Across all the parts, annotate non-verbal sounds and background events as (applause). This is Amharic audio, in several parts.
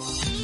you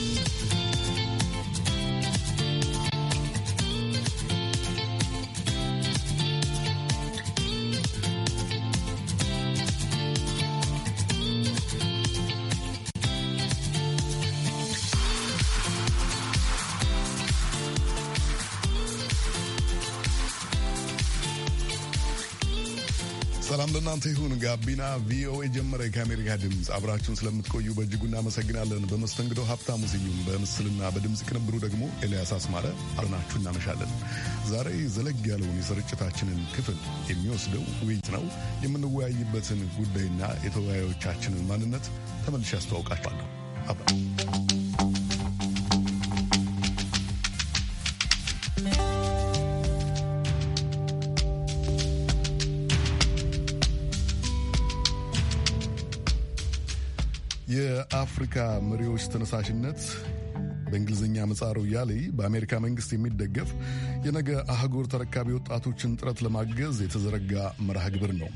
እናንተ ይሁን። ጋቢና ቪኦኤ ጀመረ። ከአሜሪካ ድምፅ አብራችሁን ስለምትቆዩ በእጅጉ እናመሰግናለን። በመስተንግዶ ሀብታሙ ስዩም፣ በምስልና በድምፅ ቅንብሩ ደግሞ ኤልያስ አስማረ አብረናችሁ እናመሻለን። ዛሬ ዘለግ ያለውን የስርጭታችንን ክፍል የሚወስደው ውይይት ነው። የምንወያይበትን ጉዳይና የተወያዮቻችንን ማንነት ተመልሼ አስተዋውቃችኋለሁ። አብራ የአፍሪካ መሪዎች ተነሳሽነት በእንግሊዝኛ መጻሩ ያሌ በአሜሪካ መንግስት የሚደገፍ የነገ አህጉር ተረካቢ ወጣቶችን ጥረት ለማገዝ የተዘረጋ መርሃ ግብር ነው።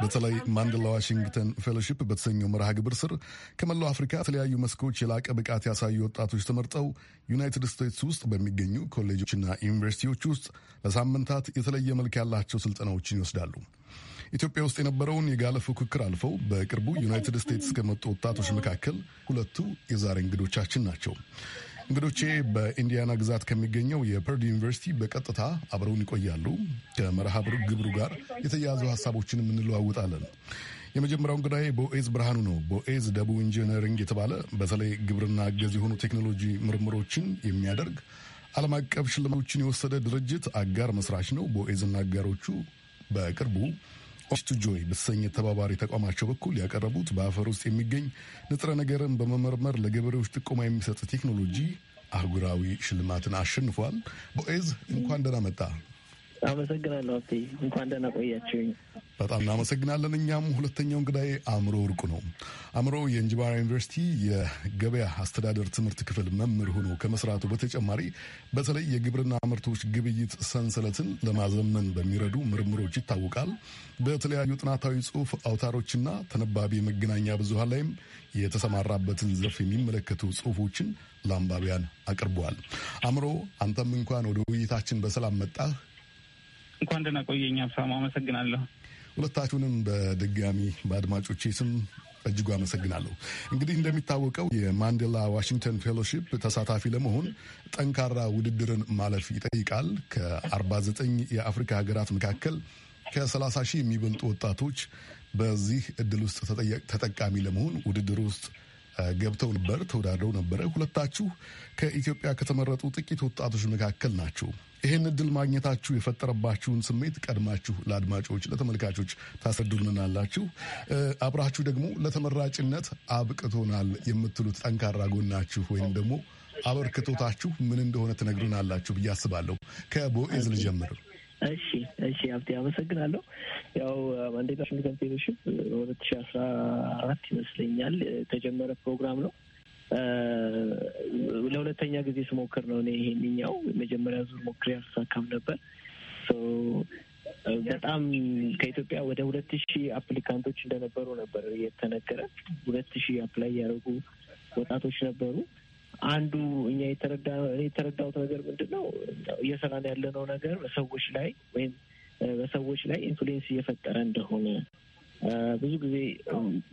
በተለይ ማንዴላ ዋሽንግተን ፌሎሺፕ በተሰኘው መርሃ ግብር ስር ከመላው አፍሪካ የተለያዩ መስኮች የላቀ ብቃት ያሳዩ ወጣቶች ተመርጠው ዩናይትድ ስቴትስ ውስጥ በሚገኙ ኮሌጆችና ዩኒቨርሲቲዎች ውስጥ ለሳምንታት የተለየ መልክ ያላቸው ስልጠናዎችን ይወስዳሉ። ኢትዮጵያ ውስጥ የነበረውን የጋለ ፉክክር አልፈው በቅርቡ ዩናይትድ ስቴትስ ከመጡ ወጣቶች መካከል ሁለቱ የዛሬ እንግዶቻችን ናቸው። እንግዶቼ በኢንዲያና ግዛት ከሚገኘው የፐርድ ዩኒቨርሲቲ በቀጥታ አብረውን ይቆያሉ። ከመርሃ ግብሩ ጋር የተያያዙ ሀሳቦችን እንለዋውጣለን። የመጀመሪያው እንግዳዬ ቦኤዝ ብርሃኑ ነው። ቦኤዝ ደቡብ ኢንጂነሪንግ የተባለ በተለይ ግብርና አገዝ የሆኑ ቴክኖሎጂ ምርምሮችን የሚያደርግ ዓለም አቀፍ ሽልማቶችን የወሰደ ድርጅት አጋር መስራች ነው። ቦኤዝና አጋሮቹ በቅርቡ ኦፍቱ ጆይ በተሰኘ ተባባሪ ተቋማቸው በኩል ያቀረቡት በአፈር ውስጥ የሚገኝ ንጥረ ነገርን በመመርመር ለገበሬዎች ጥቆማ የሚሰጥ ቴክኖሎጂ አህጉራዊ ሽልማትን አሸንፏል። ቦኤዝ እንኳን ደህና መጣ። አመሰግናለሁ እንኳን ደህና ቆያችሁኝ። በጣም እናመሰግናለን። እኛም ሁለተኛው እንግዳይ አእምሮ እርቁ ነው። አእምሮ የእንጅባራ ዩኒቨርሲቲ የገበያ አስተዳደር ትምህርት ክፍል መምህር ሆኖ ከመስራቱ በተጨማሪ በተለይ የግብርና ምርቶች ግብይት ሰንሰለትን ለማዘመን በሚረዱ ምርምሮች ይታወቃል። በተለያዩ ጥናታዊ ጽሑፍ አውታሮችና ተነባቢ የመገናኛ ብዙሃን ላይም የተሰማራበትን ዘርፍ የሚመለከቱ ጽሑፎችን ለአንባቢያን አቅርበዋል። አእምሮ አንተም እንኳን ወደ ውይይታችን በሰላም መጣህ። እንኳን ደህና ቆየኝ አመሰግናለሁ። ሁለታችሁንም በድጋሚ በአድማጮቼ ስም እጅጉ አመሰግናለሁ። እንግዲህ እንደሚታወቀው የማንዴላ ዋሽንግተን ፌሎሺፕ ተሳታፊ ለመሆን ጠንካራ ውድድርን ማለፍ ይጠይቃል። ከ49 የአፍሪካ ሀገራት መካከል ከ30 ሺህ የሚበልጡ ወጣቶች በዚህ እድል ውስጥ ተጠቃሚ ለመሆን ውድድር ውስጥ ገብተው ነበር፣ ተወዳድረው ነበረ። ሁለታችሁ ከኢትዮጵያ ከተመረጡ ጥቂት ወጣቶች መካከል ናቸው። ይህን እድል ማግኘታችሁ የፈጠረባችሁን ስሜት ቀድማችሁ ለአድማጮች ለተመልካቾች ታስረዱልናላችሁ። አብራችሁ ደግሞ ለተመራጭነት አብቅቶናል የምትሉት ጠንካራ ጎናችሁ ወይም ደግሞ አበርክቶታችሁ ምን እንደሆነ ትነግሩናላችሁ ብዬ አስባለሁ። ከቦኤዝ ልጀምር። እሺ እሺ፣ ሀብቴ አመሰግናለሁ። ያው ማንዴታ ሽንግ ሁለት ሺ አስራ አራት ይመስለኛል የተጀመረ ፕሮግራም ነው። ለሁለተኛ ጊዜ ስሞክር ነው እኔ ይሄንኛው። መጀመሪያ ዙር ሞክሬ አልተሳካም ነበር። በጣም ከኢትዮጵያ ወደ ሁለት ሺህ አፕሊካንቶች እንደነበሩ ነበር የተነገረ። ሁለት ሺህ አፕላይ ያደረጉ ወጣቶች ነበሩ። አንዱ እኛ የተረዳሁት ነገር ምንድን ነው እየሰራን ያለነው ነገር በሰዎች ላይ ወይም በሰዎች ላይ ኢንፍሉዌንስ እየፈጠረ እንደሆነ ብዙ ጊዜ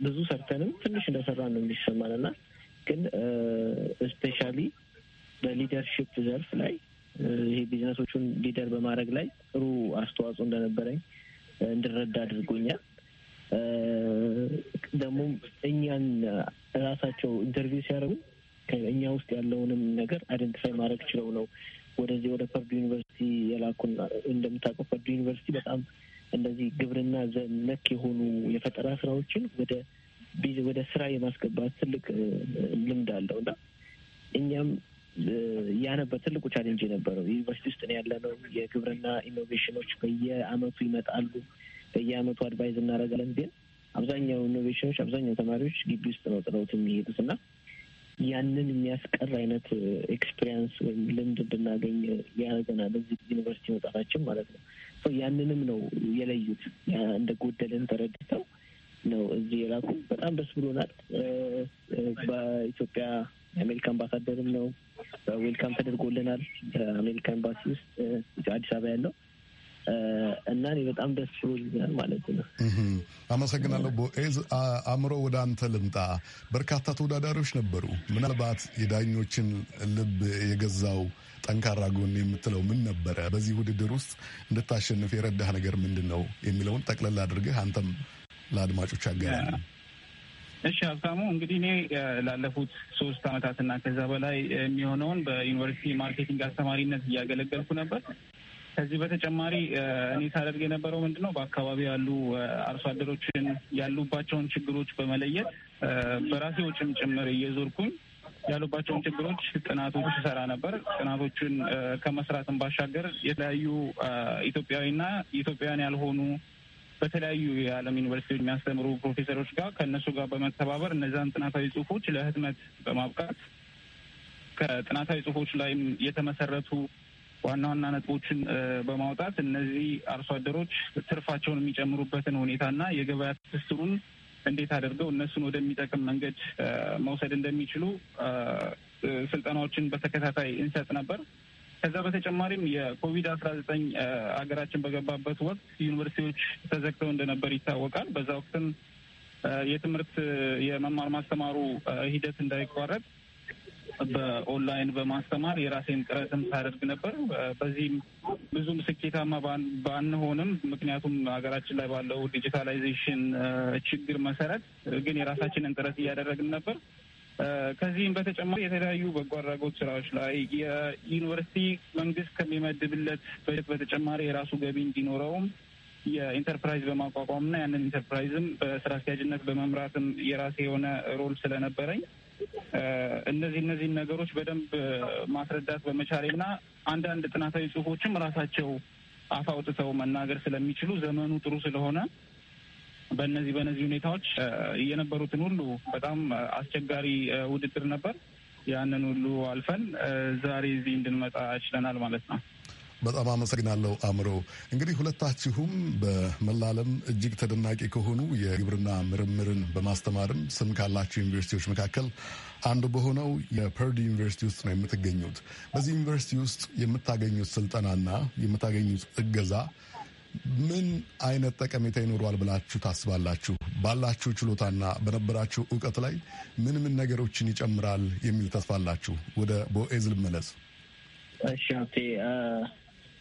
ብዙ ሰርተንም ትንሽ እንደሰራ ነው የሚሰማን እና ግን ስፔሻሊ በሊደርሽፕ ዘርፍ ላይ ይሄ ቢዝነሶቹን ሊደር በማድረግ ላይ ጥሩ አስተዋጽኦ እንደነበረኝ እንድረዳ አድርጎኛል። ደግሞ እኛን ራሳቸው ኢንተርቪው ሲያደርጉ ከእኛ ውስጥ ያለውንም ነገር አይደንቲፋይ ማድረግ ችለው ነው ወደዚህ ወደ ፐርዱ ዩኒቨርሲቲ የላኩን። እንደምታውቀው ፐርዱ ዩኒቨርሲቲ በጣም እንደዚህ ግብርና ዘነክ የሆኑ የፈጠራ ስራዎችን ወደ ወደ ስራ የማስገባት ትልቅ ልምድ አለው እና እኛም ያ ነበር ትልቁ ቻሌንጅ የነበረው። ዩኒቨርሲቲ ውስጥ ነው ያለነው። የግብርና ኢኖቬሽኖች በየአመቱ ይመጣሉ። በየአመቱ አድቫይዝ እናደርጋለን። ግን አብዛኛው ኢኖቬሽኖች አብዛኛው ተማሪዎች ግቢ ውስጥ ነው ጥለውት የሚሄዱት እና ያንን የሚያስቀር አይነት ኤክስፔሪንስ ወይም ልምድ እንድናገኝ ያደርገናል እዚህ ዩኒቨርሲቲ መውጣታችን ማለት ነው። ያንንም ነው የለዩት እንደ ጎደልን ተረድተው ነው እዚህ የላኩ። በጣም ደስ ብሎናል። በኢትዮጵያ የአሜሪካ አምባሳደርም ነው ዌልካም ተደርጎልናል በአሜሪካ ኤምባሲ ውስጥ አዲስ አበባ ያለው እና እኔ በጣም ደስ ብሎኛል ማለት ነው። አመሰግናለሁ። ቦኤዝ አእምሮ ወደ አንተ ልምጣ። በርካታ ተወዳዳሪዎች ነበሩ። ምናልባት የዳኞችን ልብ የገዛው ጠንካራ ጎን የምትለው ምን ነበረ? በዚህ ውድድር ውስጥ እንድታሸንፍ የረዳህ ነገር ምንድን ነው የሚለውን ጠቅለል አድርገህ አንተም ለአድማጮች አገራል። እሺ ሀብታሙ፣ እንግዲህ እኔ ላለፉት ሶስት አመታትና ከዛ በላይ የሚሆነውን በዩኒቨርሲቲ ማርኬቲንግ አስተማሪነት እያገለገልኩ ነበር። ከዚህ በተጨማሪ እኔ ሳደርግ የነበረው ምንድን ነው በአካባቢ ያሉ አርሶ አደሮችን ያሉባቸውን ችግሮች በመለየት በራሴ ወጪም ጭምር እየዞርኩኝ ያሉባቸውን ችግሮች ጥናቶች ይሰራ ነበር። ጥናቶቹን ከመስራትም ባሻገር የተለያዩ ኢትዮጵያዊና ኢትዮጵያውያን ያልሆኑ በተለያዩ የዓለም ዩኒቨርሲቲዎች የሚያስተምሩ ፕሮፌሰሮች ጋር ከእነሱ ጋር በመተባበር እነዚያን ጥናታዊ ጽሁፎች ለህትመት በማብቃት ከጥናታዊ ጽሁፎች ላይም የተመሰረቱ ዋና ዋና ነጥቦችን በማውጣት እነዚህ አርሶ አደሮች ትርፋቸውን የሚጨምሩበትን ሁኔታና የገበያ ትስስሩን እንዴት አድርገው እነሱን ወደሚጠቅም መንገድ መውሰድ እንደሚችሉ ስልጠናዎችን በተከታታይ እንሰጥ ነበር። ከዛ በተጨማሪም የኮቪድ አስራ ዘጠኝ ሀገራችን በገባበት ወቅት ዩኒቨርሲቲዎች ተዘግተው እንደነበር ይታወቃል። በዛ ወቅትም የትምህርት የመማር ማስተማሩ ሂደት እንዳይቋረጥ በኦንላይን በማስተማር የራሴን ጥረትም ሳደርግ ነበር። በዚህም ብዙም ስኬታማ ባንሆንም ምክንያቱም ሀገራችን ላይ ባለው ዲጂታላይዜሽን ችግር መሰረት ግን የራሳችንን ጥረት እያደረግን ነበር። ከዚህም በተጨማሪ የተለያዩ በጎ አድራጎት ስራዎች ላይ የዩኒቨርሲቲ መንግስት ከሚመድብለት በጀት በተጨማሪ የራሱ ገቢ እንዲኖረውም የኢንተርፕራይዝ በማቋቋምና ያንን ኢንተርፕራይዝም በስራ አስኪያጅነት በመምራትም የራሴ የሆነ ሮል ስለነበረኝ እነዚህ እነዚህን ነገሮች በደንብ ማስረዳት በመቻሌና አንዳንድ ጥናታዊ ጽሁፎችም ራሳቸው አፋውጥተው አውጥተው መናገር ስለሚችሉ ዘመኑ ጥሩ ስለሆነ በእነዚህ በእነዚህ ሁኔታዎች የነበሩትን ሁሉ በጣም አስቸጋሪ ውድድር ነበር። ያንን ሁሉ አልፈን ዛሬ እዚህ እንድንመጣ ችለናል ማለት ነው። በጣም አመሰግናለሁ አእምሮ። እንግዲህ ሁለታችሁም በመላ ዓለም እጅግ ተደናቂ ከሆኑ የግብርና ምርምርን በማስተማርም ስም ካላቸው ዩኒቨርሲቲዎች መካከል አንዱ በሆነው የፐርድ ዩኒቨርሲቲ ውስጥ ነው የምትገኙት። በዚህ ዩኒቨርሲቲ ውስጥ የምታገኙት ስልጠናና የምታገኙት እገዛ ምን አይነት ጠቀሜታ ይኖረዋል ብላችሁ ታስባላችሁ? ባላችሁ ችሎታና በነበራችሁ እውቀት ላይ ምን ምን ነገሮችን ይጨምራል የሚል ተስፋ አላችሁ? ወደ ቦኤዝ ልመለስ። እሺ ሀብቴ፣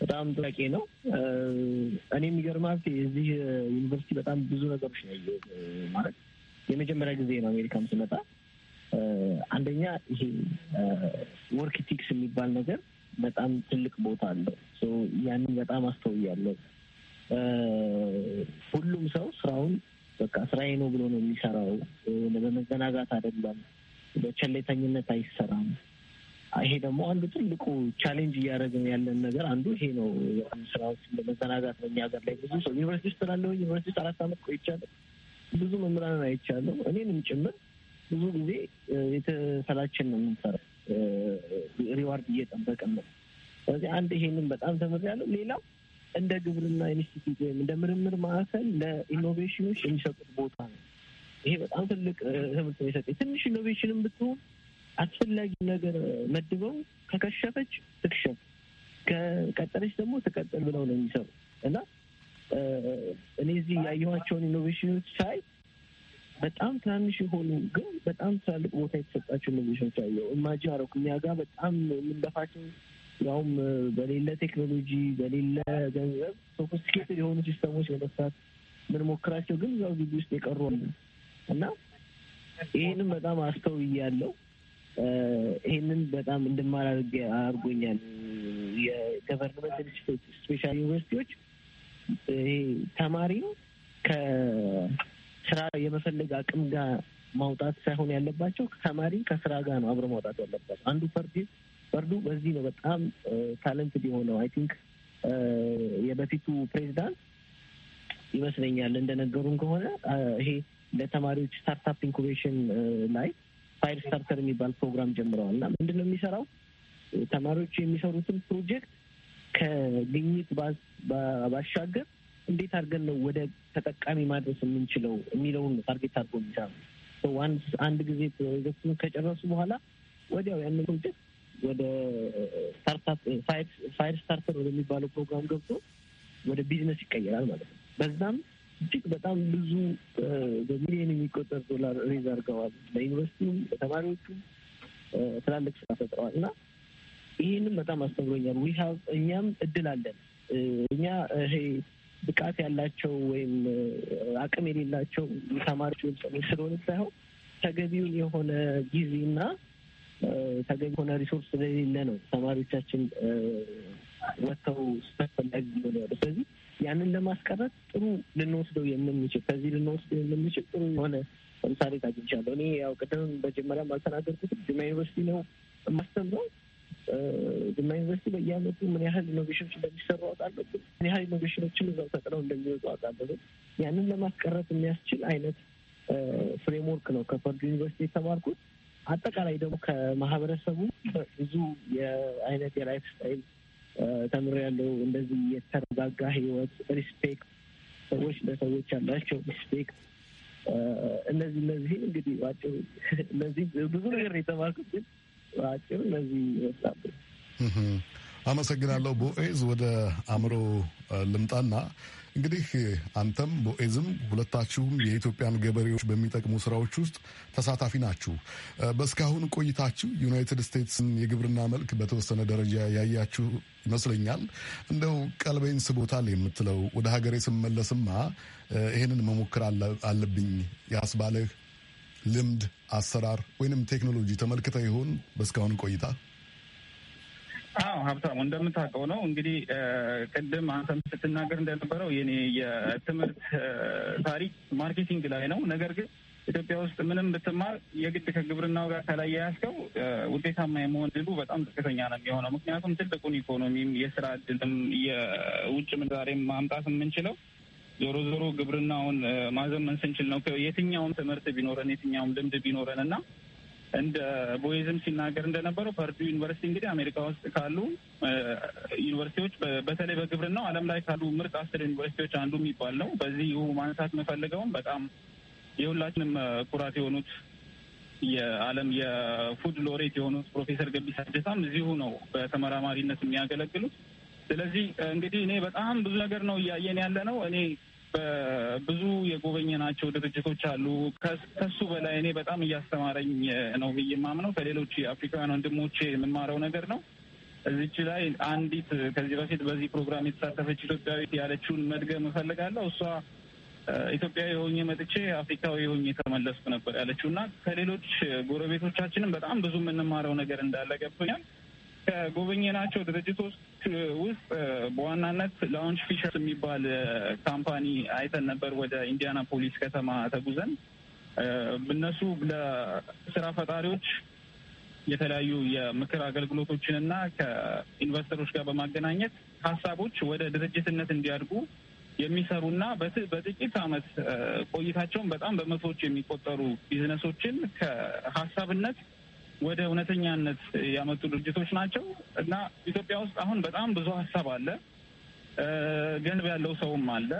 በጣም ጥያቄ ነው። እኔ የሚገርም ሀብቴ፣ እዚህ ዩኒቨርሲቲ በጣም ብዙ ነገሮች ነው ማለት የመጀመሪያ ጊዜ ነው አሜሪካም ስመጣ። አንደኛ ይሄ ወርክ ኢቲክስ የሚባል ነገር በጣም ትልቅ ቦታ አለው። ያንን በጣም አስተውያለሁ። ሁሉም ሰው ስራውን በቃ ስራዬ ነው ብሎ ነው የሚሰራው። በመዘናጋት አይደለም፣ በቸሌተኝነት አይሰራም። ይሄ ደግሞ አንዱ ትልቁ ቻሌንጅ እያደረግን ያለን ነገር አንዱ ይሄ ነው። ስራዎች በመዘናጋት ነው። እኛ ሀገር ላይ ብዙ ሰው ዩኒቨርሲቲ ውስጥ ስላለው ዩኒቨርሲቲ ውስጥ አራት አመት ቆይቻለሁ። ብዙ መምህራንን አይቻለሁ፣ እኔንም ጭምር ብዙ ጊዜ የተሰላችን ነው የምንሰራው፣ ሪዋርድ እየጠበቅን ነው። ስለዚህ አንድ ይሄንን በጣም ተምሬያለሁ። ሌላው እንደ ግብርና ኢንስቲትዩት ወይም እንደ ምርምር ማዕከል ለኢኖቬሽኖች የሚሰጡት ቦታ ነው። ይሄ በጣም ትልቅ ትምህርት ነው የሰጠኝ። ትንሽ ኢኖቬሽንም ብትሆን አስፈላጊ ነገር መድበው ከከሸፈች ትክሸፍ፣ ከቀጠለች ደግሞ ትቀጠል ብለው ነው የሚሰሩ እና እኔ እዚህ ያየኋቸውን ኢኖቬሽኖች ሳይ በጣም ትናንሽ የሆኑ ግን በጣም ትላልቅ ቦታ የተሰጣቸው ኢኖቬሽኖች አየሁ። እማጅ አረኩ እኛ ጋር በጣም የምንደፋቸው ያውም በሌለ ቴክኖሎጂ በሌለ ገንዘብ ሶፊስቲኬትድ የሆኑ ሲስተሞች ለመስራት ምንሞክራቸው ግን እዛው ግቢ ውስጥ የቀሩ እና ይህንም በጣም አስተውያለሁ። ይህንን በጣም እንድማር አድርጎኛል። የገቨርንመንት ኢንስቲትዩት ስፔሻል ዩኒቨርሲቲዎች ተማሪው ከስራ የመፈለግ አቅም ጋር ማውጣት ሳይሆን ያለባቸው ተማሪ ከስራ ጋር ነው አብረ ማውጣት ያለባቸው። አንዱ ፐርፌክት ፈርዱ በዚህ ነው በጣም ታለንትድ የሆነው። አይ ቲንክ የበፊቱ ፕሬዚዳንት ይመስለኛል እንደነገሩን ከሆነ ይሄ ለተማሪዎች ስታርታፕ ኢንኩቤሽን ላይ ፋይር ስታርተር የሚባል ፕሮግራም ጀምረዋል እና ምንድን ነው የሚሰራው ተማሪዎቹ የሚሰሩትን ፕሮጀክት ከግኝት ባሻገር እንዴት አድርገን ነው ወደ ተጠቃሚ ማድረስ የምንችለው የሚለውን ታርጌት አድርጎ የሚሰራ አንድ ጊዜ ፕሮጀክቱን ከጨረሱ በኋላ ወዲያው ያንን ፕሮጀክት ወደ ስታርታፕ ፋይር ስታርተር ወደሚባለው ፕሮግራም ገብቶ ወደ ቢዝነስ ይቀየራል ማለት ነው። በዛም እጅግ በጣም ብዙ በሚሊዮን የሚቆጠር ዶላር ሬዝ አድርገዋል። ለዩኒቨርሲቲውም፣ ለተማሪዎቹም ትላልቅ ስራ ፈጥረዋል እና ይህንም በጣም አስተምሮኛል። ዊ ሀቭ እኛም እድል አለን። እኛ ይሄ ብቃት ያላቸው ወይም አቅም የሌላቸው ተማሪዎች ወይም ስለሆነ ሳይሆን ተገቢውን የሆነ ጊዜና ተገኝ የሆነ ሪሶርስ ስለሌለ ነው ተማሪዎቻችን ወጥተው ስፈላጊ ሆነ ያለ። ስለዚህ ያንን ለማስቀረት ጥሩ ልንወስደው የምንችል ከዚህ ልንወስደው የምንችል ጥሩ የሆነ ለምሳሌ ታግኝቻለሁ። እኔ ያው ቅድም መጀመሪያ አልተናገርኩትም ጅማ ዩኒቨርሲቲ ነው የማስተምረው። ጅማ ዩኒቨርሲቲ በየአመቱ ምን ያህል ኢኖቬሽኖች እንደሚሰሩ አውቃለሁ። ምን ያህል ኢኖቬሽኖችን እዛው ተጥለው እንደሚወጡ አውቃለሁ። ያንን ለማስቀረት የሚያስችል አይነት ፍሬምወርክ ነው ከፈርድ ዩኒቨርሲቲ የተማርኩት። አጠቃላይ ደግሞ ከማህበረሰቡ ብዙ የአይነት የላይፍ ስታይል ያለው እንደዚህ የተረጋጋ ህይወት፣ ሪስፔክት፣ ሰዎች ለሰዎች ያላቸው ሪስፔክት እነዚህ እነዚህ እንግዲህ አጭሩ እነዚህ ብዙ ነገር የተማርኩት ግን አጭሩ እነዚህ ይመስላሉ። አመሰግናለሁ ቦኤዝ። ወደ አእምሮ ልምጣና እንግዲህ አንተም ቦኤዝም ሁለታችሁም የኢትዮጵያን ገበሬዎች በሚጠቅሙ ስራዎች ውስጥ ተሳታፊ ናችሁ። በእስካሁን ቆይታችሁ ዩናይትድ ስቴትስን የግብርና መልክ በተወሰነ ደረጃ ያያችሁ ይመስለኛል። እንደው ቀልበኝ ስቦታል የምትለው ወደ ሀገሬ ስመለስማ ይህንን መሞክር አለብኝ ያስባለህ ልምድ፣ አሰራር ወይንም ቴክኖሎጂ ተመልክተ ይሆን በእስካሁን ቆይታ? አዎ ሀብታሙ እንደምታውቀው ነው እንግዲህ ቅድም አንተም ስትናገር እንደነበረው የኔ የትምህርት ታሪክ ማርኬቲንግ ላይ ነው። ነገር ግን ኢትዮጵያ ውስጥ ምንም ብትማር የግድ ከግብርናው ጋር ከላይ ካላያያዝከው ውጤታማ የመሆን ድሉ በጣም ዝቅተኛ ነው የሚሆነው። ምክንያቱም ትልቁን ኢኮኖሚም የስራ እድልም የውጭ ምንዛሬም ማምጣት የምንችለው ዞሮ ዞሮ ግብርናውን ማዘመን ስንችል ነው። የትኛውም ትምህርት ቢኖረን የትኛውም ልምድ ቢኖረን እና እንደ ቦይዝም ሲናገር እንደነበረው ፐርዱ ዩኒቨርሲቲ እንግዲህ አሜሪካ ውስጥ ካሉ ዩኒቨርሲቲዎች በተለይ በግብርናው ዓለም ላይ ካሉ ምርጥ አስር ዩኒቨርሲቲዎች አንዱ የሚባል ነው። በዚህ ማንሳት የምፈልገውም በጣም የሁላችንም ኩራት የሆኑት የዓለም የፉድ ሎሬት የሆኑት ፕሮፌሰር ገቢሳ ጀታም እዚሁ ነው በተመራማሪነት የሚያገለግሉት። ስለዚህ እንግዲህ እኔ በጣም ብዙ ነገር ነው እያየን ያለ ነው እኔ ብዙ የጎበኘናቸው ድርጅቶች አሉ። ከሱ በላይ እኔ በጣም እያስተማረኝ ነው ብዬ ማምነው ከሌሎች የአፍሪካውያን ወንድሞቼ የምማረው ነገር ነው። እዚች ላይ አንዲት ከዚህ በፊት በዚህ ፕሮግራም የተሳተፈች ኢትዮጵያዊት ያለችውን መድገም እፈልጋለሁ። እሷ ኢትዮጵያዊ ሆኜ መጥቼ አፍሪካዊ ሆኜ ተመለስኩ ነበር ያለችው እና ከሌሎች ጎረቤቶቻችንም በጣም ብዙ የምንማረው ነገር እንዳለ ገብቶኛል። ከጎበኘናቸው ድርጅቶች ውስጥ በዋናነት ላውንች ፊሸርስ የሚባል ካምፓኒ አይተን ነበር። ወደ ኢንዲያና ፖሊስ ከተማ ተጉዘን እነሱ ለስራ ፈጣሪዎች የተለያዩ የምክር አገልግሎቶችን እና ከኢንቨስተሮች ጋር በማገናኘት ሀሳቦች ወደ ድርጅትነት እንዲያድጉ የሚሰሩና በጥቂት አመት ቆይታቸውን በጣም በመቶዎች የሚቆጠሩ ቢዝነሶችን ከሀሳብነት ወደ እውነተኛነት ያመጡ ድርጅቶች ናቸው እና ኢትዮጵያ ውስጥ አሁን በጣም ብዙ ሀሳብ አለ። ገንዘብ ያለው ሰውም አለ።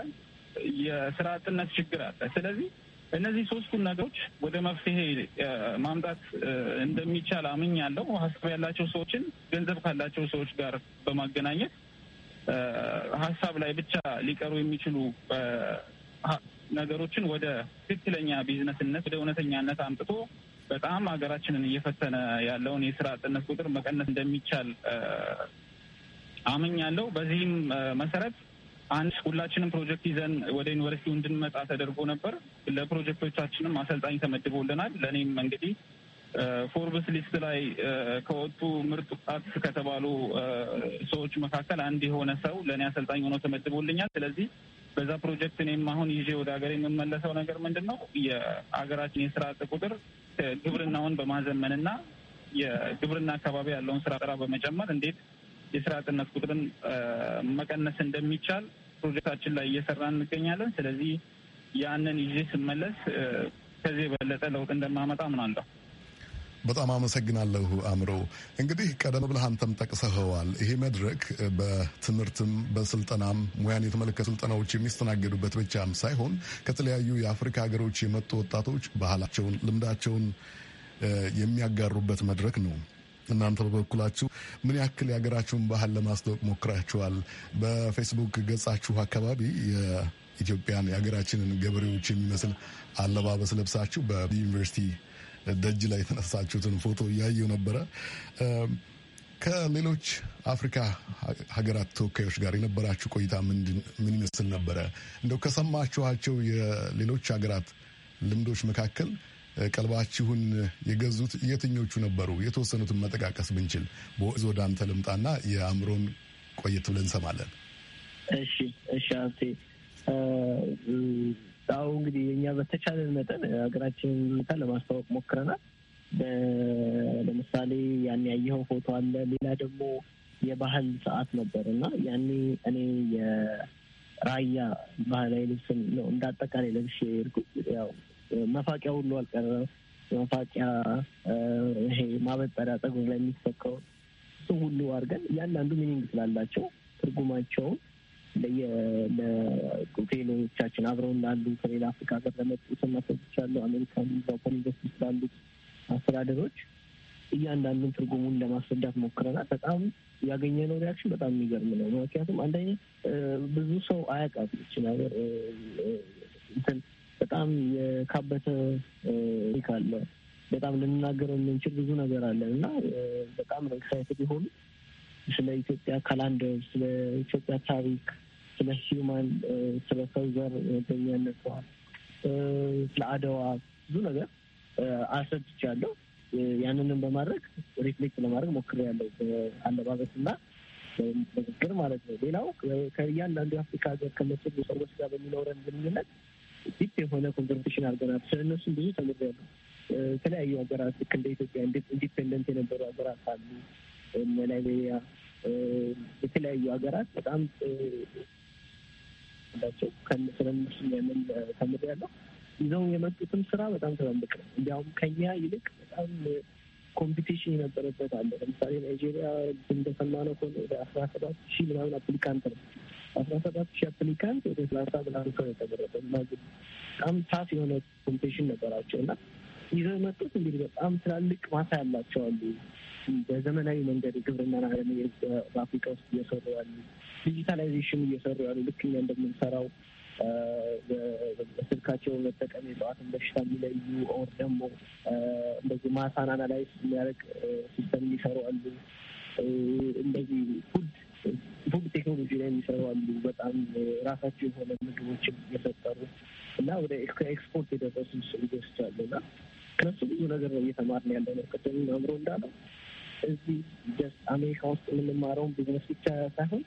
የስራ አጥነት ችግር አለ። ስለዚህ እነዚህ ሶስቱን ነገሮች ወደ መፍትሄ ማምጣት እንደሚቻል አምኝ ያለው ሀሳብ ያላቸው ሰዎችን ገንዘብ ካላቸው ሰዎች ጋር በማገናኘት ሀሳብ ላይ ብቻ ሊቀሩ የሚችሉ ነገሮችን ወደ ትክክለኛ ቢዝነስነት ወደ እውነተኛነት አምጥቶ በጣም ሀገራችንን እየፈተነ ያለውን የስራ አጥነት ቁጥር መቀነስ እንደሚቻል አምኛለሁ። በዚህም መሰረት አንድ ሁላችንም ፕሮጀክት ይዘን ወደ ዩኒቨርሲቲው እንድንመጣ ተደርጎ ነበር። ለፕሮጀክቶቻችንም አሰልጣኝ ተመድቦልናል። ለእኔም እንግዲህ ፎርብስ ሊስት ላይ ከወጡ ምርጥ ወጣት ከተባሉ ሰዎች መካከል አንድ የሆነ ሰው ለእኔ አሰልጣኝ ሆኖ ተመድቦልኛል። ስለዚህ በዛ ፕሮጀክት እኔም አሁን ይዤ ወደ ሀገር የምመለሰው ነገር ምንድን ነው? የሀገራችን የስራ አጥ ቁጥር ግብርናውን በማዘመንና የግብርና አካባቢ ያለውን ስራ ጥራ በመጨመር እንዴት የስራ አጥነት ቁጥርን መቀነስ እንደሚቻል ፕሮጀክታችን ላይ እየሰራ እንገኛለን። ስለዚህ ያንን ይዤ ስመለስ ከዚህ የበለጠ ለውጥ እንደማመጣ አምናለሁ። በጣም አመሰግናለሁ አእምሮ። እንግዲህ ቀደም ብለህ አንተም ጠቅሰኸዋል። ይሄ መድረክ በትምህርትም በስልጠናም ሙያን የተመለከቱ ስልጠናዎች የሚስተናገዱበት ብቻም ሳይሆን ከተለያዩ የአፍሪካ ሀገሮች የመጡ ወጣቶች ባህላቸውን፣ ልምዳቸውን የሚያጋሩበት መድረክ ነው። እናንተ በበኩላችሁ ምን ያክል የሀገራችሁን ባህል ለማስተዋወቅ ሞክራችኋል? በፌስቡክ ገጻችሁ አካባቢ ኢትዮጵያን የሀገራችንን ገበሬዎች የሚመስል አለባበስ ለብሳችሁ በዩኒቨርሲቲ ደጅ ላይ የተነሳችሁትን ፎቶ እያየው ነበረ። ከሌሎች አፍሪካ ሀገራት ተወካዮች ጋር የነበራችሁ ቆይታ ምን ይመስል ነበረ? እንደው ከሰማችኋቸው የሌሎች ሀገራት ልምዶች መካከል ቀልባችሁን የገዙት የትኞቹ ነበሩ? የተወሰኑትን መጠቃቀስ ብንችል በወዝ ወደ አንተ ልምጣና የአእምሮን ቆየት ብለን እንሰማለን። እሺ እሺ። አሁ እንግዲህ እኛ በተቻለን መጠን ሀገራችንን ሁኔታ ለማስታወቅ ሞክረናል። ለምሳሌ ያኔ ያየኸው ፎቶ አለ። ሌላ ደግሞ የባህል ሰዓት ነበር እና ያኔ እኔ የራያ ባህላዊ ልብስን ነው እንዳጠቃላይ አጠቃላይ ለብሼ የሄድኩት። ያው መፋቂያ ሁሉ አልቀረም። መፋቂያ ይሄ ማበጠሪያ ፀጉር ላይ የሚሰካው እሱ ሁሉ አድርገን እያንዳንዱ ሚኒንግ ስላላቸው ትርጉማቸውን ለሆቴሎቻችን አብረውን ላሉ ከሌላ አፍሪካ ሀገር ለመጡ ለመጡትን አሉ አሜሪካ ዛኮን ኢንቨስቲስ ላሉ አስተዳደሮች እያንዳንዱን ትርጉሙን ለማስረዳት ሞክረናል። በጣም ያገኘነው ሪያክሽን በጣም የሚገርም ነው። ምክንያቱም አንደኛ ብዙ ሰው አያውቃት ይች ነገር እንትን በጣም የካበተ ካለ በጣም ልንናገረው የምንችል ብዙ ነገር አለን እና በጣም ነው ኤክሳይትድ የሆኑ ስለ ኢትዮጵያ ካላንደር፣ ስለ ኢትዮጵያ ታሪክ ስለ ሂውማን ስለ ሰው ዘር በኛነት ስለ አድዋ ብዙ ነገር ያለው ያንንም በማድረግ ሪፍሌክት ለማድረግ ሞክሬያለሁ በአለባበስ እና ንግግር ማለት ነው። ሌላው ከእያንዳንዱ የአፍሪካ ሀገር ከመሰሉ ሰዎች ጋር በሚኖረን ግንኙነት ዲፕ የሆነ ኮንቨርሴሽን አድርገናል። ስለ እነሱም ብዙ ተምሬያለሁ። የተለያዩ ሀገራት ልክ እንደ ኢትዮጵያ ኢንዲፔንደንት የነበሩ ሀገራት አሉ። ላይቤሪያ፣ የተለያዩ ሀገራት በጣም እንዳቸው ስለነሱ ያንን ተምር ያለው ይዘው የመጡትም ስራ በጣም ትላልቅ ነው። እንዲያውም ከኛ ይልቅ በጣም ኮምፒቲሽን የነበረበት አለ። ለምሳሌ ናይጄሪያ እንደሰማነው ከሆነ ወደ አስራ ሰባት ሺህ ምናምን አፕሊካንት ነው። አስራ ሰባት ሺህ አፕሊካንት ወደ ሰላሳ ምናምን ሰው የተመረጠ በጣም ታፍ የሆነ ኮምፒቲሽን ነበራቸው እና ይዘው የመጡት እንግዲህ በጣም ትላልቅ ማሳ ያላቸው አሉ። በዘመናዊ መንገድ ግብርና ዓለም በአፍሪካ ውስጥ እየሰሩ ያሉ ዲጂታላይዜሽን እየሰሩ ያሉ ልክ እኛ እንደምንሰራው በስልካቸው መጠቀም የእጽዋትን በሽታ የሚለዩ ኦር ደግሞ እንደዚህ ማሳን አናላይዝ የሚያደርግ ሲስተም የሚሰሩ አሉ። እንደዚህ ፉድ ፉድ ቴክኖሎጂ ላይ የሚሰሩ አሉ። በጣም ራሳቸው የሆነ ምግቦችን እየፈጠሩ እና ወደ ኤክስፖርት የደረሱ ልጆች አሉ እና ከነሱ ብዙ ነገር ነው እየተማርን ያለ ነው። ቅድም አምሮ እንዳለው እዚህ ጀስት አሜሪካ ውስጥ የምንማረውን ቢዝነስ ብቻ ሳይሆን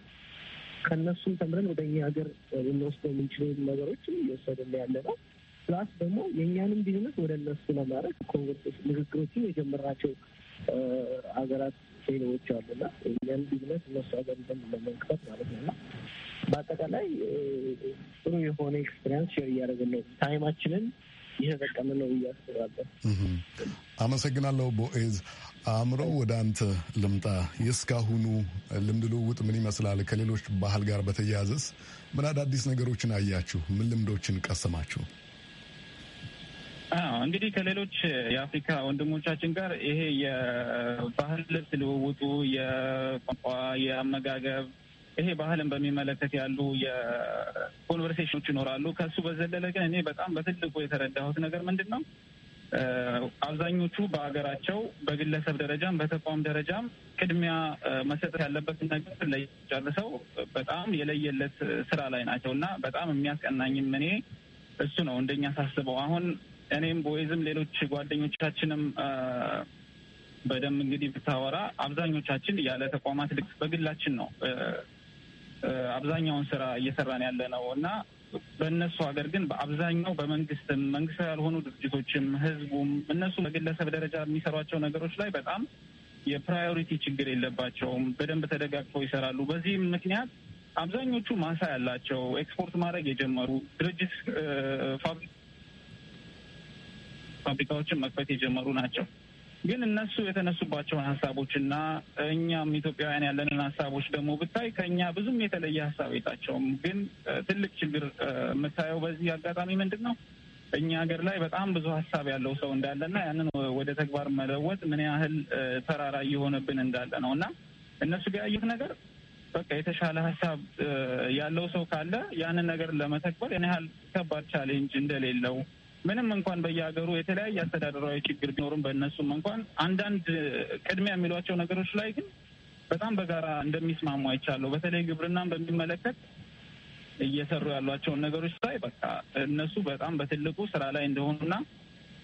ከእነሱም ተምረን ወደ እኛ ሀገር ልንወስደው የምንችሉ ነገሮች እየወሰድን ያለ ነው። ፕላስ ደግሞ የእኛንም ቢዝነስ ወደ እነሱ ለማድረግ ኮንቨርሴሽን ንግግሮችን የጀመራቸው ሀገራት ሌሎች አሉና የእኛን ቢዝነስ እነሱ ሀገር ደ ለመንቅፈት ማለት ነው። በአጠቃላይ ጥሩ የሆነ ኤክስፔሪንስ ሼር እያደረግን ነው ታይማችንን እየተጠቀምን ነው እያስባለን። አመሰግናለሁ ቦኤዝ። አእምሮ ወደ አንተ ልምጣ። የእስካሁኑ ልምድ ልውውጥ ምን ይመስላል? ከሌሎች ባህል ጋር በተያያዘስ ምን አዳዲስ ነገሮችን አያችሁ? ምን ልምዶችን ቀሰማችሁ? እንግዲህ ከሌሎች የአፍሪካ ወንድሞቻችን ጋር ይሄ የባህል ልብስ ልውውጡ፣ የቋንቋ፣ የአመጋገብ ይሄ ባህልን በሚመለከት ያሉ የኮንቨርሴሽኖች ይኖራሉ። ከሱ በዘለለ ግን እኔ በጣም በትልቁ የተረዳሁት ነገር ምንድን ነው አብዛኞቹ በሀገራቸው በግለሰብ ደረጃም በተቋም ደረጃም ቅድሚያ መሰጠት ያለበትን ነገር ለጨርሰው ጨርሰው በጣም የለየለት ስራ ላይ ናቸው እና በጣም የሚያስቀናኝም እኔ እሱ ነው እንደኛ ሳስበው አሁን እኔም ቦይዝም ሌሎች ጓደኞቻችንም በደንብ እንግዲህ ብታወራ አብዛኞቻችን ያለ ተቋማት ልክ በግላችን ነው አብዛኛውን ስራ እየሰራን ያለ ነው እና በእነሱ ሀገር ግን በአብዛኛው በመንግስትም መንግስታዊ ያልሆኑ ድርጅቶችም ህዝቡም እነሱ በግለሰብ ደረጃ የሚሰሯቸው ነገሮች ላይ በጣም የፕራዮሪቲ ችግር የለባቸውም። በደንብ ተደጋግፈው ይሰራሉ። በዚህም ምክንያት አብዛኞቹ ማሳ ያላቸው ኤክስፖርት ማድረግ የጀመሩ ድርጅት ፋብሪካዎችን መክፈት የጀመሩ ናቸው። ግን እነሱ የተነሱባቸውን ሀሳቦች እና እኛም ኢትዮጵያውያን ያለንን ሀሳቦች ደግሞ ብታይ ከእኛ ብዙም የተለየ ሀሳብ የላቸውም። ግን ትልቅ ችግር የምታየው በዚህ አጋጣሚ ምንድን ነው እኛ ሀገር ላይ በጣም ብዙ ሀሳብ ያለው ሰው እንዳለና ያንን ወደ ተግባር መለወጥ ምን ያህል ተራራ እየሆነብን እንዳለ ነው እና እነሱ ጋር ያየሁት ነገር በቃ የተሻለ ሀሳብ ያለው ሰው ካለ ያንን ነገር ለመተግበር ያን ያህል ከባድ ቻሌንጅ እንደሌለው ምንም እንኳን በየሀገሩ የተለያየ አስተዳደራዊ ችግር ቢኖርም በእነሱም እንኳን አንዳንድ ቅድሚያ የሚሏቸው ነገሮች ላይ ግን በጣም በጋራ እንደሚስማሙ አይቻለሁ። በተለይ ግብርናን በሚመለከት እየሰሩ ያሏቸውን ነገሮች ሳይ በቃ እነሱ በጣም በትልቁ ስራ ላይ እንደሆኑና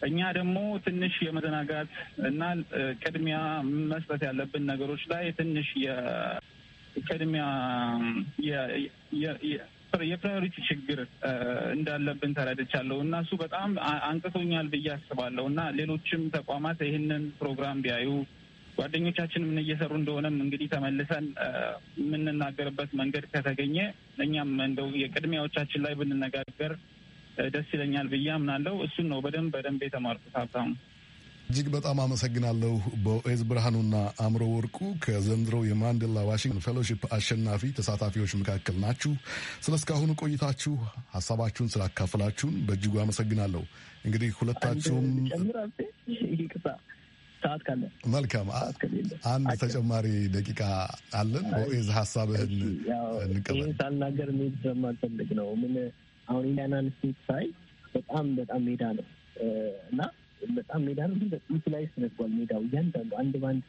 እኛ ደግሞ ትንሽ የመዘናጋት እና ቅድሚያ መስጠት ያለብን ነገሮች ላይ ትንሽ የቅድሚያ የፕራዮሪቲ ችግር እንዳለብን ተረድቻለሁ እና እሱ በጣም አንቅቶኛል ብዬ አስባለሁ እና ሌሎችም ተቋማት ይህንን ፕሮግራም ቢያዩ ጓደኞቻችን ምን እየሰሩ እንደሆነም እንግዲህ ተመልሰን የምንናገርበት መንገድ ከተገኘ እኛም እንደው የቅድሚያዎቻችን ላይ ብንነጋገር ደስ ይለኛል ብዬ አምናለሁ። እሱን ነው በደንብ በደንብ የተማርኩት ሀብታሙ። እጅግ በጣም አመሰግናለሁ። ቦዔዝ ብርሃኑና አእምሮ ወርቁ ከዘንድሮ የማንዴላ ዋሽንግተን ፌሎሺፕ አሸናፊ ተሳታፊዎች መካከል ናችሁ። ስለ እስካሁኑ ቆይታችሁ ሀሳባችሁን ስላካፍላችሁን በእጅጉ አመሰግናለሁ። እንግዲህ ሁለታችሁም መልካም አንድ ተጨማሪ ደቂቃ አለን። ቦዔዝ ሀሳብህን እንቀበል። ሳልናገር ነው ምን አሁን ኢንዲያናን ሳይ በጣም በጣም ሜዳ ነው እና በጣም ሜዳ ነው፣ ግን ዩቲላይዝ ተደርጓል። ሜዳው እያንዳንዱ አንድ በአንድ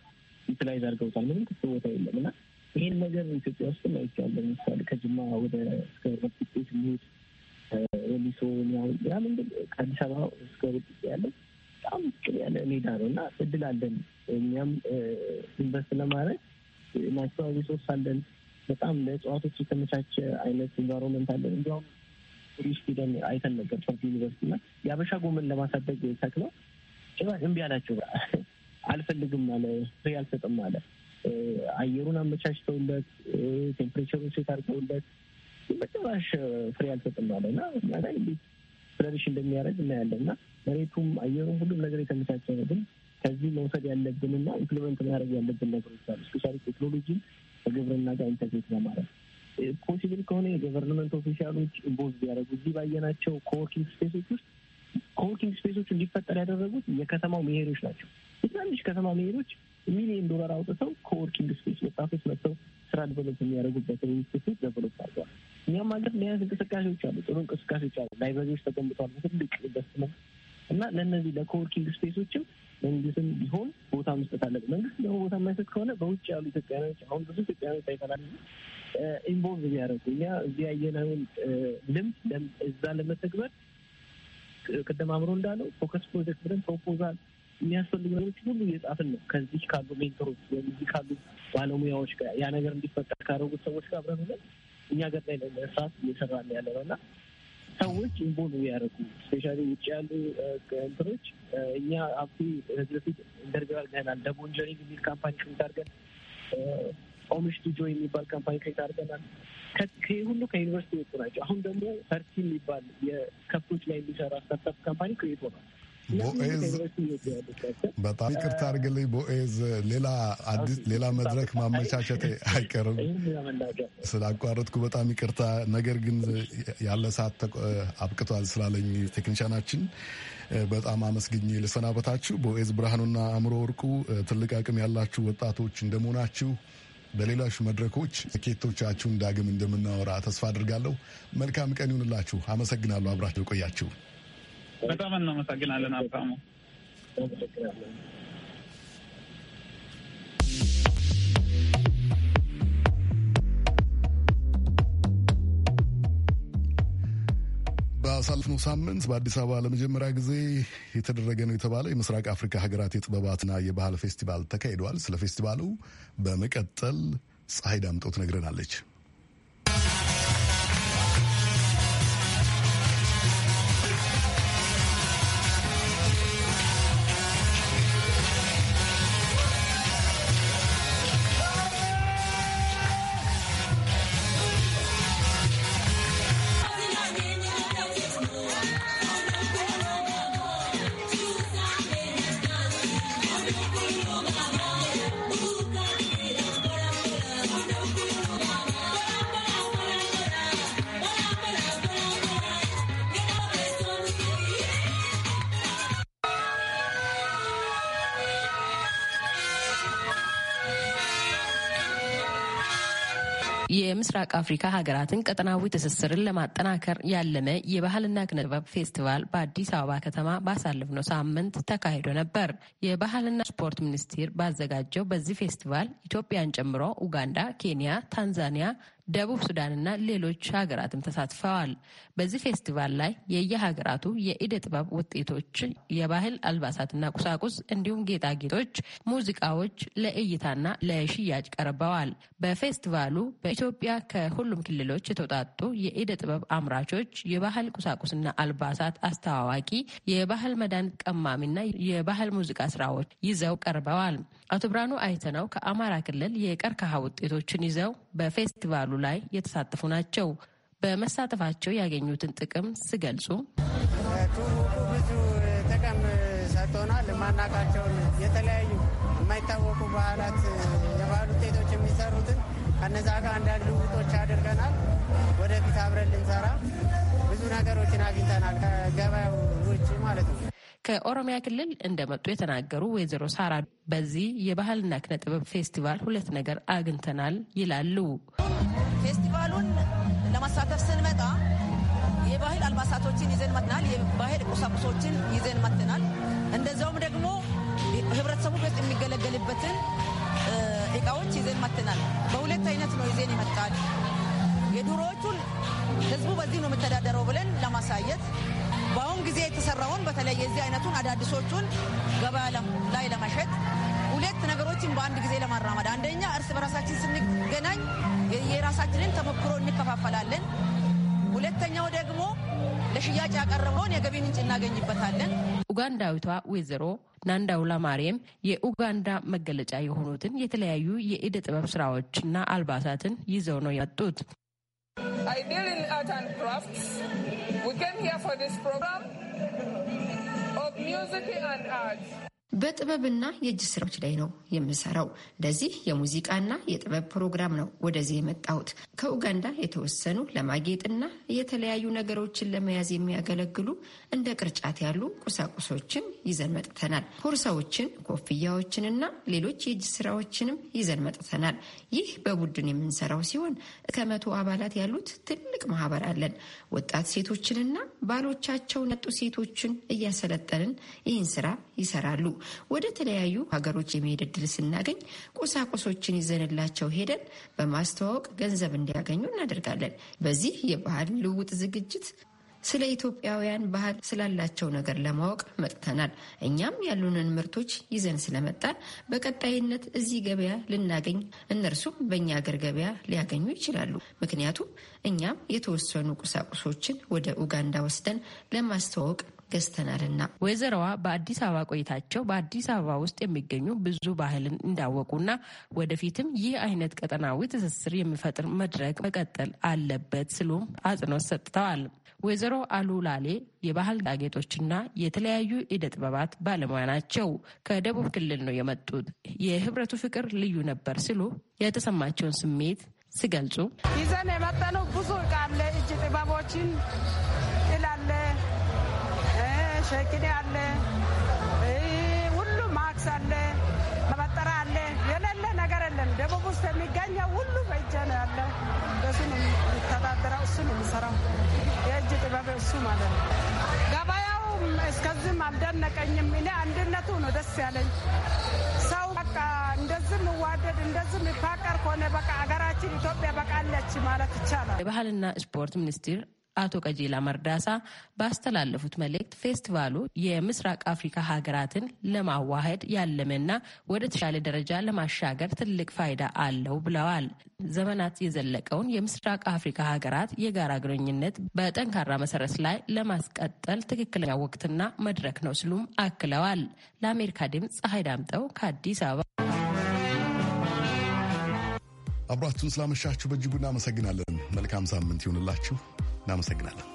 ዩቲላይዝ አድርገውታል። ምንም ክፍት ቦታ የለም እና ይሄን ነገር ኢትዮጵያ ውስጥ ማይቻል ለምሳሌ ከጅማ ወደ ስከርበትጤት የሚሄድ ወሊሶ ያ ምንድን ከአዲስ አበባ እስከ ስከርበትጤ ያለው በጣም ቅል ያለ ሜዳ ነው እና እድል አለን እኛም ኢንቨስት ለማድረግ ናቹራል ሪሶርስ አለን። በጣም ለእጽዋቶች የተመቻቸ አይነት ኢንቫይሮንመንት አለን እንዲሁም ቱሪስት ሄደን አይተን ነበር። ፎርት ዩኒቨርሲቲ እና የአበሻ ጎመን ለማሳደግ ተክለው ጭራሽ እምቢ አላቸው። (laughs) አልፈልግም አለ፣ ፍሬ አልሰጥም አለ። አየሩን አመቻችተውለት ቴምፕሬቸሩን ሴት አድርገውለት በጭራሽ ፍሬ አልሰጥም አለ እና እኛ ላይ እንዴት ፍለሪሽ እንደሚያደርግ እናያለን እና መሬቱም አየሩም ሁሉም ነገር የተመቻቸ ነው ግን ከዚህ መውሰድ ያለብንና ኢምፕሊመንት ማድረግ ያለብን ነገሮች አሉ። ስፔሻሊ ቴክኖሎጂን ከግብርና ጋር ኢንተርኔት ለማድረግ ፖሲብል ከሆነ የገቨርንመንት ኦፊሻሎች ኢምፖዝ ቢያደረጉ እዚህ ባየናቸው ኮወርኪንግ ስፔሶች ውስጥ ኮወርኪንግ ስፔሶች እንዲፈጠር ያደረጉት የከተማው መሄዶች ናቸው። የትናንሽ ከተማ መሄዶች ሚሊዮን ዶላር አውጥተው ኮወርኪንግ ስፔስ ወጣቶች መጥተው ስራ ዲቨሎፕ የሚያደርጉበትን ኢንስቲትዩት ዴቨሎፕ አድርገዋል። እኛም ሀገር ሊያንስ እንቅስቃሴዎች አሉ፣ ጥሩ እንቅስቃሴዎች አሉ። ላይብረሪዎች ተገንብተዋል በትልቅ ኢንቨስትመንት እና ለእነዚህ ለኮወርኪንግ ስፔሶችም መንግስትም ቢሆን ቦታ መስጠት አለበት። መንግስት ደግሞ ቦታ የማይሰጥ ከሆነ በውጭ ያሉ ኢትዮጵያኖች አሁን ብዙ ኢትዮጵያኖች አይተናል ኢንቮልቭ ቢያደረጉ እኛ እዚህ ያየነውን ልምድ እዛ ለመተግበር ቅድም አምሮ እንዳለው ፎከስ ፕሮጀክት ብለን ፕሮፖዛል የሚያስፈልጉ ነገሮች ሁሉ እየጻፍን ነው። ከዚህ ካሉ ሜንተሮች ወይም እዚህ ካሉ ባለሙያዎች ጋር ያ ነገር እንዲፈጠር ካደረጉት ሰዎች ጋር አብረን ሆነን እኛ ገር ላይ ለመስራት እየሰራን ያለ ነው እና ሰዎች ኢንቮልቭ ያደረጉ ስፔሻሊ ውጭ ያሉ እንትኖች እኛ አብቲ ህዝብ በፊት ኢንተርቪው አድርገናል። ደቦንጀሪንግ የሚል ካምፓኒ ክሬት አድርገን ኦሚሽ ቱጆ የሚባል ካምፓኒ ክሬት አድርገናል። ሁሉ ከዩኒቨርሲቲ የወጡ ናቸው። አሁን ደግሞ ፐርቲ የሚባል የከብቶች ላይ የሚሰራ ስታርታፕ ካምፓኒ ክሬት ሆኗል። ቦኤዝ በጣም ይቅርታ አድርግልኝ። ቦኤዝ ሌላ አዲስ ሌላ መድረክ ማመቻቸት አይቀርም። ስላቋረጥኩ በጣም ይቅርታ። ነገር ግን ያለ ሰዓት አብቅቷል ስላለኝ ቴክኒሻናችን በጣም አመስግኝ ልሰናበታችሁ። ቦኤዝ ብርሃኑና አእምሮ ወርቁ ትልቅ አቅም ያላችሁ ወጣቶች እንደመሆናችሁ በሌሎች መድረኮች ስኬቶቻችሁን ዳግም እንደምናወራ ተስፋ አድርጋለሁ። መልካም ቀን ይሁንላችሁ። አመሰግናለሁ። አብራችሁ ቆያችሁ። በጣም እናመሰግናለን አብታሙ። ባሳለፍነው ሳምንት በአዲስ አበባ ለመጀመሪያ ጊዜ የተደረገ ነው የተባለ የምስራቅ አፍሪካ ሀገራት የጥበባትና የባህል ፌስቲቫል ተካሂደዋል። ስለ ፌስቲቫሉ በመቀጠል ፀሐይ ዳምጠው ትነግረናለች። የምስራቅ አፍሪካ ሀገራትን ቀጠናዊ ትስስርን ለማጠናከር ያለመ የባህልና ኪነጥበብ ፌስቲቫል በአዲስ አበባ ከተማ ባሳለፍነው ሳምንት ተካሂዶ ነበር። የባህልና ስፖርት ሚኒስቴር ባዘጋጀው በዚህ ፌስቲቫል ኢትዮጵያን ጨምሮ ኡጋንዳ፣ ኬንያ፣ ታንዛኒያ ደቡብ ሱዳንና ሌሎች ሀገራትም ተሳትፈዋል። በዚህ ፌስቲቫል ላይ የየሀገራቱ የኢደ ጥበብ ውጤቶች፣ የባህል አልባሳትና ቁሳቁስ እንዲሁም ጌጣጌጦች፣ ሙዚቃዎች ለእይታና ለሽያጭ ቀርበዋል። በፌስቲቫሉ በኢትዮጵያ ከሁሉም ክልሎች የተውጣጡ የኢደ ጥበብ አምራቾች፣ የባህል ቁሳቁስና አልባሳት አስተዋዋቂ፣ የባህል መድኃኒት ቀማሚና የባህል ሙዚቃ ስራዎች ይዘው ቀርበዋል። አቶ ብርሃኑ አይተነው ከአማራ ክልል የቀርከሃ ውጤቶችን ይዘው በፌስቲቫሉ ላይ የተሳተፉ ናቸው። በመሳተፋቸው ያገኙትን ጥቅም ሲገልጹ ብዙ ጥቅም ሰጥቶናል። የማናቃቸውን የተለያዩ የማይታወቁ ባህላት የባህል ውጤቶች የሚሰሩትን ከነዛ ጋር አንዳንድ ልውጦች አድርገናል። ወደፊት አብረን ልንሰራ ብዙ ነገሮችን አግኝተናል፣ ከገበያው ውጭ ማለት ነው። ከኦሮሚያ ክልል እንደመጡ የተናገሩ ወይዘሮ ሳራ በዚህ የባህልና ኪነ ጥበብ ፌስቲቫል ሁለት ነገር አግኝተናል ይላሉ። ፌስቲቫሉን ለማሳተፍ ስንመጣ የባህል አልባሳቶችን ይዘን መትናል። የባህል ቁሳቁሶችን ይዘን መትናል። እንደዚያውም ደግሞ ህብረተሰቡ ውስጥ የሚገለገልበትን እቃዎች ይዘን መትናል። በሁለት አይነት ነው ይዘን ይመጣል። የድሮዎቹን ህዝቡ በዚህ ነው የምተዳደረው ብለን ለማሳየት በአሁን ጊዜ የተሰራውን በተለይ የዚህ አይነቱን አዳዲሶቹን ገበያ ላይ ለመሸጥ ሁለት ነገሮችን በአንድ ጊዜ ለማራመድ፣ አንደኛ እርስ በራሳችን ስንገናኝ የራሳችንን ተሞክሮ እንከፋፈላለን። ሁለተኛው ደግሞ ለሽያጭ ያቀረበውን የገቢ ምንጭ እናገኝበታለን። ኡጋንዳዊቷ ወይዘሮ ናንዳውላ ማርያም የኡጋንዳ መገለጫ የሆኑትን የተለያዩ የእደ ጥበብ ስራዎችና አልባሳትን ይዘው ነው ያጡት። I deal in art and crafts. We came here for this program of music and art. በጥበብና የእጅ ስራዎች ላይ ነው የምሰራው። ለዚህ የሙዚቃና የጥበብ ፕሮግራም ነው ወደዚህ የመጣሁት። ከኡጋንዳ የተወሰኑ ለማጌጥና የተለያዩ ነገሮችን ለመያዝ የሚያገለግሉ እንደ ቅርጫት ያሉ ቁሳቁሶችን ይዘን መጥተናል። ቦርሳዎችን፣ ኮፍያዎችንና ሌሎች የእጅ ስራዎችንም ይዘን መጥተናል። ይህ በቡድን የምንሰራው ሲሆን ከመቶ አባላት ያሉት ትልቅ ማህበር አለን። ወጣት ሴቶችንና ባሎቻቸው ነጡ ሴቶችን እያሰለጠንን ይህን ስራ ይሰራሉ። ወደ ተለያዩ ሀገሮች የመሄድ እድል ስናገኝ ቁሳቁሶችን ይዘንላቸው ሄደን በማስተዋወቅ ገንዘብ እንዲያገኙ እናደርጋለን። በዚህ የባህል ልውውጥ ዝግጅት ስለ ኢትዮጵያውያን ባህል ስላላቸው ነገር ለማወቅ መጥተናል። እኛም ያሉንን ምርቶች ይዘን ስለመጣን በቀጣይነት እዚህ ገበያ ልናገኝ፣ እነርሱም በእኛ አገር ገበያ ሊያገኙ ይችላሉ። ምክንያቱም እኛም የተወሰኑ ቁሳቁሶችን ወደ ኡጋንዳ ወስደን ለማስተዋወቅ ገዝተናልና። ወይዘሮዋ በአዲስ አበባ ቆይታቸው በአዲስ አበባ ውስጥ የሚገኙ ብዙ ባህልን እንዳወቁና ወደፊትም ይህ አይነት ቀጠናዊ ትስስር የሚፈጥር መድረክ መቀጠል አለበት ስሉም አጽንኦት ሰጥተዋል። ወይዘሮ አሉላሌ የባህል ጌጦችና የተለያዩ ኢደ ጥበባት ባለሙያ ናቸው። ከደቡብ ክልል ነው የመጡት። የህብረቱ ፍቅር ልዩ ነበር ሲሉ የተሰማቸውን ስሜት ሲገልጹ ይዘን የመጠነው ብዙ እቃ አለ እጅ ጥበቦችን ይላለ ሸኪኔ አለ፣ ሁሉም ማክስ አለ፣ መበጠራ አለ። የሌለ ነገር የለም። ደቡብ ውስጥ የሚገኘው ሁሉ በእጀ ነው ያለ። በሱ ነው የሚተዳደረው፣ እሱ ነው የሚሰራው። የእጅ ጥበብ እሱ ማለት ነው። ገበያው እስከዚህም አልደነቀኝም። እኔ አንድነቱ ነው ደስ ያለኝ። ሰው በቃ እንደዚህ የሚዋደድ እንደዚህ የሚፋቀር ከሆነ በቃ አገራችን ኢትዮጵያ በቃለች ማለት ይቻላል። የባህልና ስፖርት ሚኒስቴር አቶ ቀጀላ መርዳሳ ባስተላለፉት መልእክት ፌስቲቫሉ የምስራቅ አፍሪካ ሀገራትን ለማዋሃድ ያለመና ወደ ተሻለ ደረጃ ለማሻገር ትልቅ ፋይዳ አለው ብለዋል። ዘመናት የዘለቀውን የምስራቅ አፍሪካ ሀገራት የጋራ ግንኙነት በጠንካራ መሰረት ላይ ለማስቀጠል ትክክለኛ ወቅትና መድረክ ነው ሲሉም አክለዋል። ለአሜሪካ ድምፅ ፀሐይ ዳምጠው ከአዲስ አበባ። አብራችሁን ስላመሻችሁ በእጅጉ እናመሰግናለን። መልካም ሳምንት ይሁንላችሁ። እናመሰግናለን።